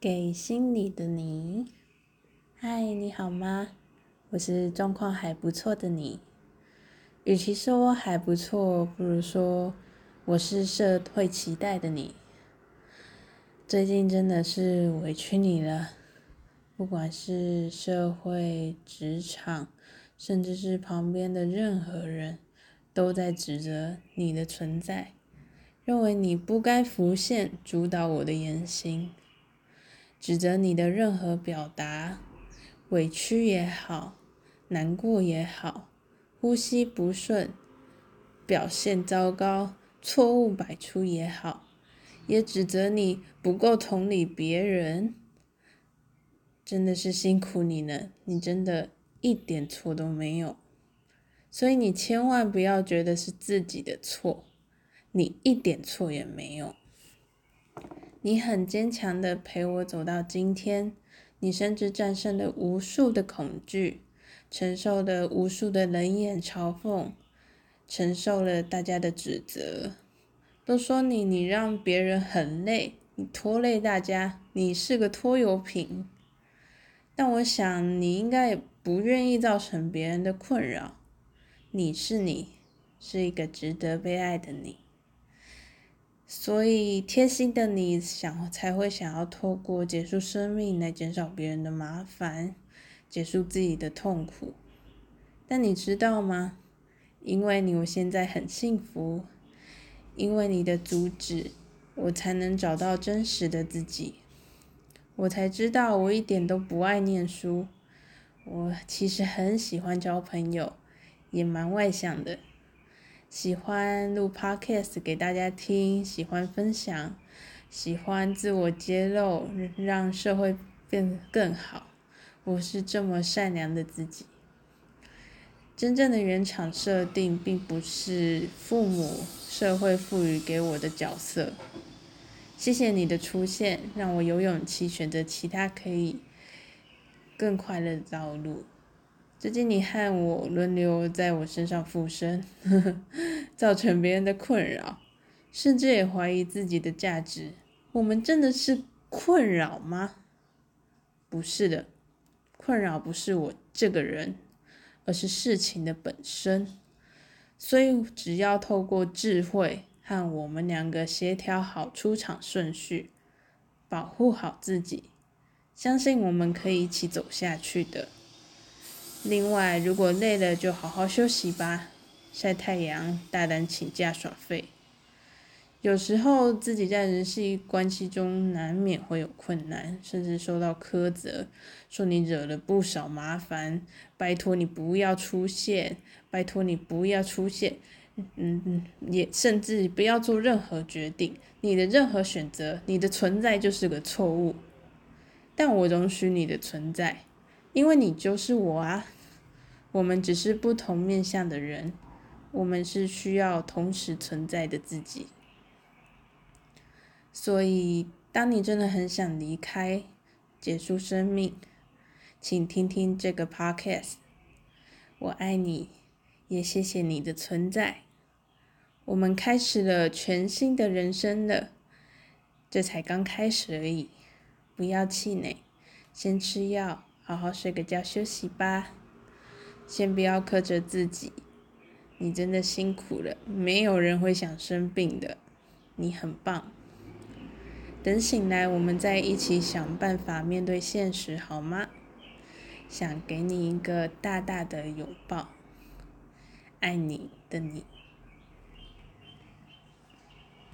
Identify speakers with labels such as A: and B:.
A: 給心裡的你，嗨，你好嗎？我是狀況還不錯的你。與其說我還不錯，不如說我是社會期待的你。最近真的是委屈你了。不管是社會、職場，甚至是旁邊的任何人，都在指責你的存在，認為你不該浮現，主導我的言行。指責你的任何表達，委屈也好，難過也好，呼吸不順，表現糟糕，錯誤百出也好，也指責你不夠同理別人，真的是辛苦你了，你真的一點錯都沒有，所以你千萬不要覺得是自己的錯，你一點錯也沒有。你很堅強的陪我走到今天，你甚至戰勝了無數的恐懼，承受了無數的冷眼嘲諷，承受了大家的指責，都說你你讓別人很累，你拖累大家，你是個拖油瓶。但我想你應該也不願意造成別人的困擾，你是你，是一個值得被愛的你。所以，貼心的你想才會想要透過結束生命來減少別人的麻煩，結束自己的痛苦。但你知道嗎？因為你，我現在很幸福。因為你的阻止，我才能找到真實的自己。我才知道，我一點都不愛念書。我其實很喜歡交朋友，也蠻外向的。喜歡錄 Podcast 給大家聽，喜歡分享，喜歡自我揭露，讓社會變得更好。我是這麼善良的自己。真正的原廠設定並不是父母、社會賦予給我的角色。謝謝你的出現，讓我有勇氣選擇其他可以更快樂的道路。最近你和我輪流在我身上附身，呵呵，造成別人的困擾，甚至也懷疑自己的價值。我們真的是困擾嗎？不是的，困擾不是我這個人，而是事情的本身。所以只要透過智慧和我們兩個協調好出場順序，保護好自己，相信我們可以一起走下去的。另外，如果累了，就好好休息吧，曬太陽，大膽請假耍廢。有時候自己在人際關係中難免會有困難，甚至受到苛責，說你惹了不少麻煩，拜托你不要出現，拜托你不要出現，嗯，嗯，也甚至不要做任何決定，你的任何選擇，你的存在就是個錯誤。但我容許你的存在。因為你就是我啊，我們只是不同面向的人，我們是需要同時存在的自己。所以，當你真的很想離開、結束生命，請聽聽這個 podcast。我愛你，也謝謝你的存在。我們開始了全新的人生了，這才剛開始而已，不要氣餒，先吃藥。好好睡個覺，休息吧，先不要苛責自己，你真的辛苦了，沒有人會想生病的，你很棒，等醒來我們再一起想辦法面對現實好嗎？想給你一個大大的擁抱，愛你的你。